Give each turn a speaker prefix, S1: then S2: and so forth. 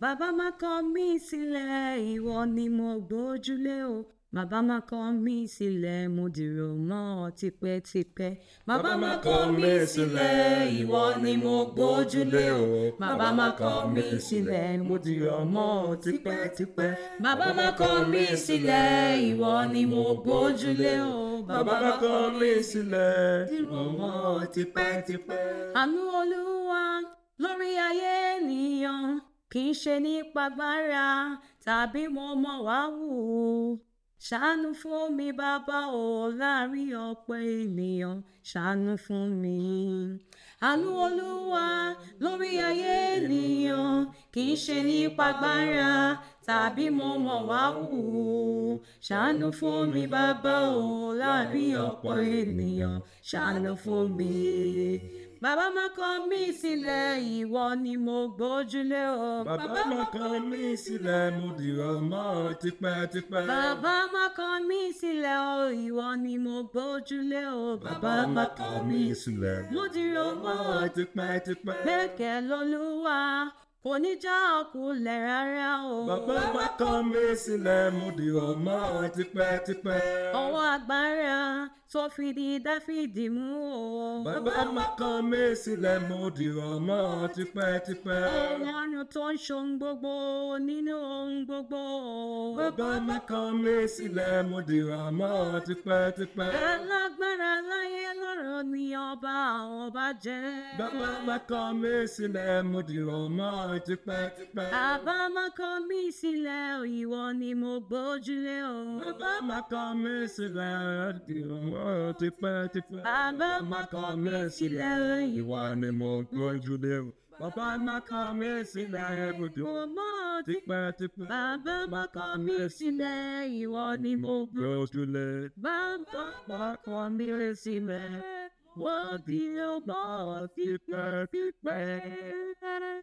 S1: bàbá má kọ̀ mí sílẹ̀ ìwọ ni mo gbójúlé o bàbá má kọ̀ mí sílẹ̀ mo dìrò mọ́ ọ tipẹ́tipẹ́. bàbá má kọ̀ mí sílẹ̀ ìwọ ni mo gbójúlé o bàbá má kọ̀ mí sílẹ̀ mo dìrò mọ́ ọ tipẹ́tipẹ́. bàbá má kọ̀ mí sílẹ̀ ìwọ ni mo gbójúlé o bàbá má kọ̀
S2: mí sílẹ̀ dìrò mọ́ ọ tipẹ́tipẹ́.
S1: àánú olúwa lórí ayé ènìyàn kì í ṣe nípa agbára tàbí mo mọ̀ wá wù ú ṣàánú fún mi bàbá o láàrin ọ̀pọ̀ ènìyàn ṣàánú fún mi. àánú olúwa lórí ayé ènìyàn kì í ṣe nípa agbára tàbí mo mọ̀ wá wù ú ṣàánú fún mi bàbá o láàrin ọ̀pọ̀ ènìyàn ṣàánú fún mi. bàbá má kọ̀ mí sílẹ̀ ìwọ ni mo gbójúlé o. bàbá
S2: má kọ̀ mí sílẹ̀ mo dìrọ̀ mọ́ ọ tipẹ́tipẹ́. bàbá
S1: má kọ̀ mí sílẹ̀ ìwọ ni mo gbójúlé o. bàbá má
S2: kọ̀ mí sílẹ̀ mo
S1: dìrọ̀ mọ́
S2: tipẹ́tipẹ́. bẹ́ẹ̀kẹ́
S1: lọ́lúwa. kò ní já ọkùnlẹ̀ rárá o. bàbá
S2: bá kàn mí sílẹ̀ mo dì ọ́ máa tipẹ́tipẹ́. ọwọ́
S1: agbára tó fi di dáfídì mú o. bàbá má
S2: kàn mí sílẹ̀ mo dì ọ́ tipẹ́tipẹ́.
S1: ọwọ́ ọ̀nà tó ń ṣohun gbogbo nínú ohun gbogbo.
S2: bàbá má kàn mí sílẹ̀ mo dì ọ́ tipẹ́tipẹ́.
S1: alágbára. ní ọba àwọn ọba jẹ́. bàbá
S2: máa kọ́ mi sílẹ̀ mo dìrò mọ́ tipẹ́tipẹ́. bàbá
S1: máa kọ́ mi sílẹ̀ ìwọ ni mo gbójúlé o. bàbá
S2: máa kọ́ mi sílẹ̀ dìrò mọ́ tipẹ́tipẹ́. bàbá máa kọ́ mi sílẹ̀ ìwọ ni mo gbójúlé o. Bàbá máa kọ́ mi sílẹ̀ mo dìrò mọ́ tipẹ́tipẹ́. bàbá máa kọ́ mi sílẹ̀ ìwọ ni mo gbójúlé.
S1: bàbá máa mi sílẹ̀. What the hell, boss? You perfect man.